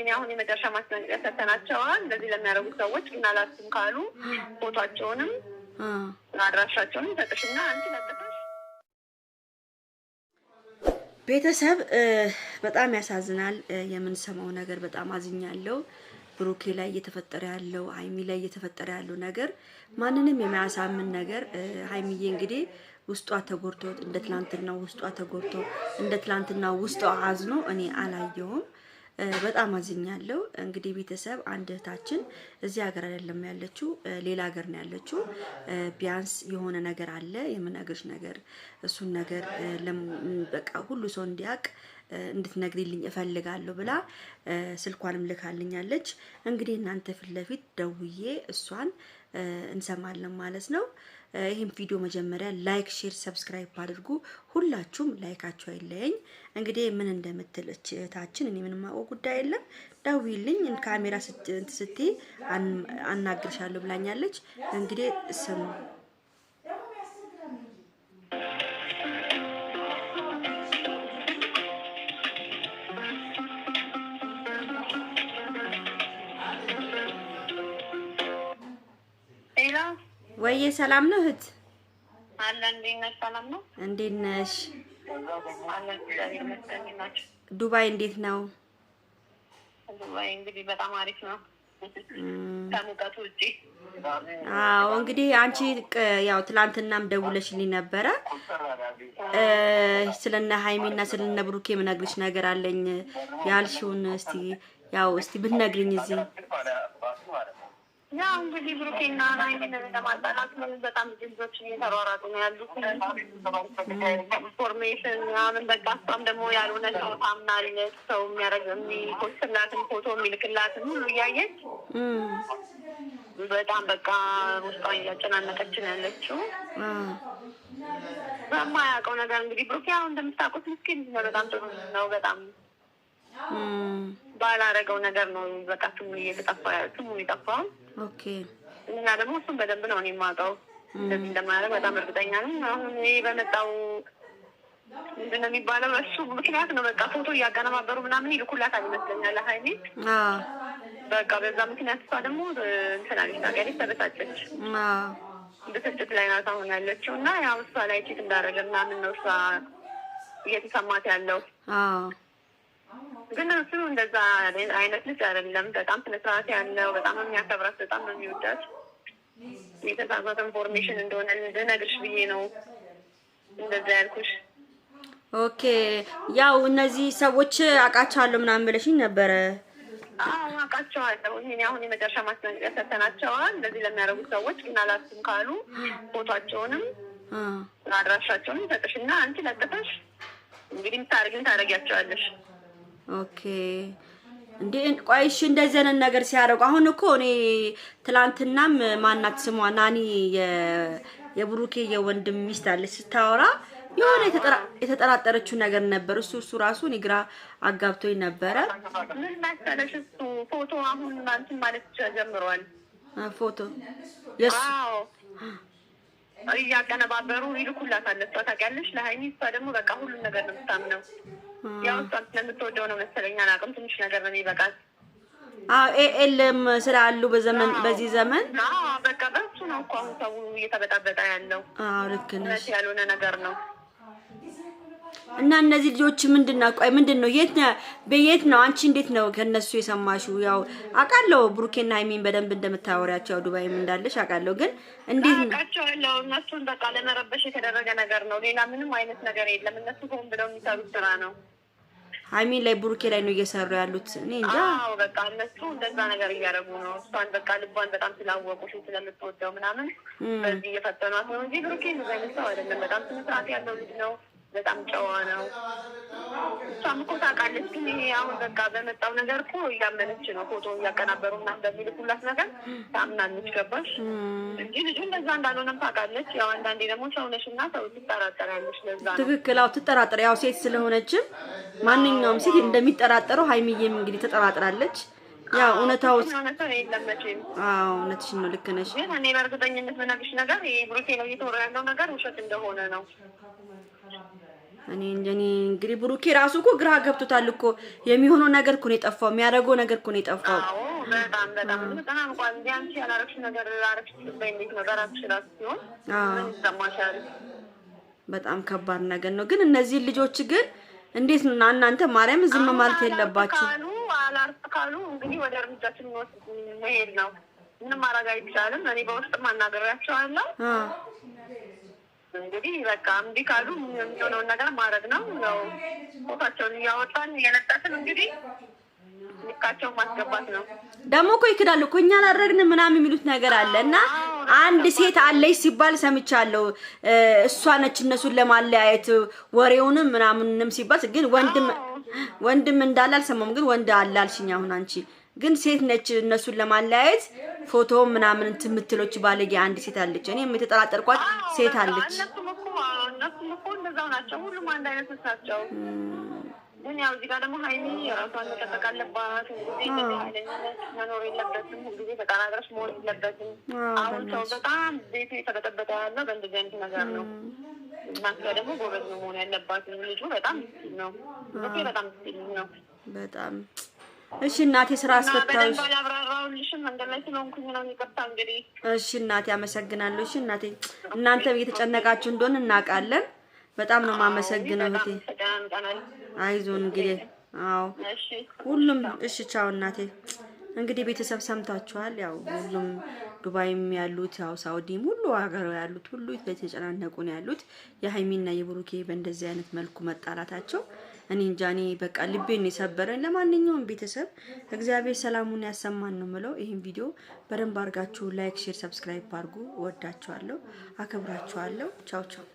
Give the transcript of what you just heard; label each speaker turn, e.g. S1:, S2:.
S1: ይህን አሁን የመጨረሻ ማስጠንቀቂያ ሰተናቸዋል። እንደዚህ ለሚያደርጉ ሰዎች ግን አላስም ካሉ ፎቷቸውንም አድራሻቸውንም ሰጥሽና አንቺ ለጥፈሽ ቤተሰብ በጣም ያሳዝናል። የምንሰማው ነገር በጣም አዝኛለሁ። ብሩኬ ላይ እየተፈጠረ ያለው ሀይሚ ላይ እየተፈጠረ ያለው ነገር ማንንም የሚያሳምን ነገር። ሀይሚዬ እንግዲህ ውስጧ ተጎድቶ እንደ ትላንትና ውስጧ ተጎድቶ እንደ ትላንትና ውስጧ አዝኖ እኔ አላየውም። በጣም አዝኛለሁ። እንግዲህ ቤተሰብ አንድ እህታችን እዚህ ሀገር አይደለም ያለችው፣ ሌላ ሀገር ነው ያለችው። ቢያንስ የሆነ ነገር አለ የምነግርሽ ነገር፣ እሱን ነገር በቃ ሁሉ ሰው እንዲያውቅ እንድትነግሪልኝ እፈልጋለሁ ብላ ስልኳንም ልካልኛለች። እንግዲህ እናንተ ፊት ለፊት ደውዬ እሷን እንሰማለን ማለት ነው። ይህም ቪዲዮ መጀመሪያ ላይክ፣ ሼር፣ ሰብስክራይብ አድርጉ። ሁላችሁም ላይካችሁ አይለየኝ። እንግዲህ ምን እንደምትል እህታችን እኔ ምንም አውቀው ጉዳይ የለም ደውዪልኝ፣ ካሜራ ስትይ አናግርሻለሁ ብላኛለች። እንግዲህ ስሙ ሌላ ወይዬ ሰላም ነው እህት እንዴት ነሽ? ዱባይ እንዴት ነው?
S2: ዱባይ እንግዲህ በጣም አሪፍ ነው ከሙቀቱ ውጪ።
S1: አዎ እንግዲህ አንቺ ያው ትላንትናም ደውለሽልኝ ነበረ ስለነ ሀይሚና ስለነ ብሩኬ የምነግርሽ ነገር አለኝ ያልሽውን እስቲ ያው እስቲ ብትነግሪኝ እዚህ
S2: ያ እንግዲህ ብሩኬና ናይን ለማጣላት በጣም ልጆች እየተሯሯጡ ነው ያሉት። ኢንፎርሜሽን ምናምን በቃ እሷም ደግሞ ያልሆነ ሰው ታምናለች። ሰው የሚያደርግ የሚፖስትላትን ፎቶ የሚልክላትን ሁሉ እያየች በጣም በቃ ውስጧን እያጨናነቀችን ያለችው። በማያውቀው ነገር እንግዲህ ብሩኬ ያው እንደምታውቁት ምስኪን ነው። በጣም ጥሩ ነው። በጣም ባላረገው ነገር ነው በቃ ስሙ እየተጠፋ ስሙ የጠፋው ኦኬ። እና ደግሞ እሱም በደንብ ነው እኔ የማውቀው እንደዚህ እንደማያደርግ በጣም እርግጠኛ ነኝ። አሁን እኔ በመጣው ምንድን ነው የሚባለው እሱ ምክንያት ነው በቃ ፎቶ እያቀነባበሩ ምናምን ይልኩላታል ይመስለኛል ሀይሜ በቃ በዛ ምክንያት እሷ ደግሞ እንትናለች አለች ተበሳጨች። ብስጭት ላይ ናት አሁን ያለችው እና ያው እሷ ላይ ቺት እንዳደረገ ምናምን ነው እሷ እየተሰማት ያለው ግን እሱ እንደዛ አይነት ልጅ አይደለም። በጣም ስነስርዓት ያለው በጣም የሚያከብራት በጣም ነው የሚወዳት። የተሳሳት ኢንፎርሜሽን እንደሆነ ልነግርሽ ብዬ ነው እንደዛ ያልኩሽ።
S1: ኦኬ ያው እነዚህ ሰዎች አውቃቸዋለሁ ምናምን ብለሽኝ ነበረ።
S2: አዎ አውቃቸዋለሁ። ይሄን አሁን የመጨረሻ ማስጠንቀቂያ ሰተናቸዋል። እንደዚህ ለሚያደርጉት ሰዎች ግን አላስብም ካሉ ፎቷቸውንም አድራሻቸውንም ሰጥሽና አንቺ ለጥፈሽ እንግዲህ ምታደርግን ታደርጊያቸዋለሽ
S1: ኦኬ እንዴ ቆይ እሺ፣ እንደዚህ አይነት ነገር ሲያደርጉ አሁን እኮ እኔ ትላንትናም ማናት ስሟ ናኒ የብሩኬ የወንድም ሚስት አለች ስታወራ የሆነ የተጠራጠረችው ነገር ነበር። እሱ እሱ ራሱ እኔ ግራ አጋብቶኝ ነበረ።
S2: ምን መሰለሽ እሱ ፎቶ አሁን ማለት ጀምሯል ፎቶ እያቀነባበሩ ይልኩላታል። እሷ ታውቂያለሽ ለሀይሚ እሷ ደግሞ በቃ ሁሉን ነገር ነው የምታምነው። ያው እሷ ስለምትወደው ነው መሰለኛ አላውቅም። ትንሽ ነገር ነው የሚበቃት።
S1: አዎ ኤኤልም ስላሉ በዘመን በዚህ ዘመን
S2: በቃ በሱ ነው እኮ አሁን ሰው እየተበጣበጠ ያለው።
S1: አዎ ልክ ነሽ።
S2: ያልሆነ ነገር ነው
S1: እና እነዚህ ልጆች ምንድን ነው? ቆይ ምንድን ነው? የት ነው በየት ነው? አንቺ እንዴት ነው ከነሱ የሰማሽው? ያው አውቃለሁ ብሩኬና ሀይሚን በደንብ እንደምታወሪያቸው ያው ዱባይም እንዳለሽ አውቃለሁ። ግን እንዴት ነው
S2: አውቃቸዋለሁ። እነሱን በቃ ለመረበሽ የተደረገ ነገር ነው። ሌላ ምንም አይነት ነገር የለም። እነሱ ሆን ብለው የሚሰሩት ስራ ነው።
S1: ሀይሚን ላይ ብሩኬ ላይ ነው እየሰሩ ያሉት። እኔ እንጃ።
S2: አዎ በቃ እነሱ እንደዛ ነገር እያደረጉ ነው። እሷን በቃ ልቧን በጣም ስላወቁሽ ስለምትወደው ምናምን በዚህ እየፈተኗት ነው እንጂ ብሩኬ ነው አይነት ሰው አይደለም። በጣም ስነ ያለው ልጅ ነው። በጣም ጨዋ ነው። እሷም እኮ ታውቃለች። ግን ይሄ አሁን በቃ በመጣው ነገር እኮ እያመነች ነው። ፎቶ እያቀናበሩ እና በሚልኩላት ነገር ታምናለች። ገባሽ እንጂ ልጁ እንደዛ እንዳልሆነም ታውቃለች። ያው አንዳንዴ ደግሞ ሰውነሽ እና ሰው ትጠራጠራለች። ለዛ
S1: ትክክል። አዎ ትጠራጠር። ያው ሴት ስለሆነችም ማንኛውም ሴት እንደሚጠራጠረው ሀይሚዬም እንግዲህ ተጠራጥራለች። ያው እውነታው እውነትሽን ነው። ልክ ነሽ።
S2: ግን እኔ በእርግጠኝነት ምናግሽ ነገር ይሄ ብሩኬ ነው እየተወራ ያለው ነገር ውሸት እንደሆነ ነው
S1: እኔ እንደኔ እንግዲህ ብሩኬ ራሱ እኮ ግራ ገብቶታል እኮ የሚሆነው ነገር እኮ ነው የጠፋው፣ የሚያደርገው ነገር እኮ ነው የጠፋው። በጣም ከባድ ነገር ነው። ግን እነዚህ ልጆች ግን እንዴት ነው እናንተ ማርያም ዝም ማለት የለባችሁ።
S2: አላርፍ ካሉ እንግዲህ ወደ እርምጃችን መሄድ ነው። ምንም ማድረግ አይቻልም። እኔ በውስጥ ማናገሪያቸዋለሁ እንግዲህ በቃ እምቢ ካሉ የሚሆነውን ነገር ማድረግ ነው። ያው ቦታቸውን እያወጣን እየለጠፍን እንግዲህ ልካቸው ማስገባት ነው።
S1: ደግሞ እኮ ይክዳሉ እኮ እኛ አላደረግን ምናምን የሚሉት ነገር አለ እና አንድ ሴት አለች ሲባል ሰምቻለሁ። እሷ ነች እነሱን ለማለያየት ወሬውንም ምናምንም ሲባል ግን ወንድም ወንድም እንዳለ አልሰማሁም። ግን ወንድ አለ አልሽኝ አሁን አንቺ ግን ሴት ነች። እነሱን ለማለያየት ፎቶ ምናምን ትምትሎች ባለጌ አንድ ሴት አለች። እኔ የተጠራጠርኳት ሴት አለች።
S2: እነሱም እኮ ናቸው። ሁሉም አንድ አይነት ናቸው። ግን ያው እዚህ ጋር ደግሞ ሀይሚ መጠበቅ አለባት። መኖር የለበትም። መሆን የለበትም። አሁን ሰው በጣም ቤቱ የተበጠበጠ ያለው በእንደዚህ አይነት ነገር ነው። እናንተ ደግሞ ጎበዝ መሆን ያለባት። ልጁ በጣም ነው በጣም ነው
S1: በጣም እሺ እናቴ ስራ አስፈታሁሽ። እሺ እናቴ አመሰግናለሁ። እሺ እናቴ እናንተ እየተጨነቃችሁ እንደሆነ እናውቃለን። በጣም ነው የማመሰግነው እህቴ። አይዞን እንግዲህ አዎ፣ ሁሉም እሺ። ቻው እናቴ። እንግዲህ ቤተሰብ ሰምታችኋል። ያው ሁሉም ዱባይም ያሉት ያው ሳውዲም ሁሉ ሀገር ያሉት ሁሉ የተጨናነቁ ነው ያሉት። የሀይሚና የብሩኬ በእንደዚህ አይነት መልኩ መጣላታቸው እኔ እንጃ እኔ በቃ ልቤን የሰበረን። ለማንኛውም ቤተሰብ እግዚአብሔር ሰላሙን ያሰማን ነው ምለው። ይህን ቪዲዮ በደንብ አድርጋችሁ ላይክ፣ ሼር፣ ሰብስክራይብ አድርጉ። ወዳችኋለሁ፣ አከብራችኋለሁ። ቻው ቻው።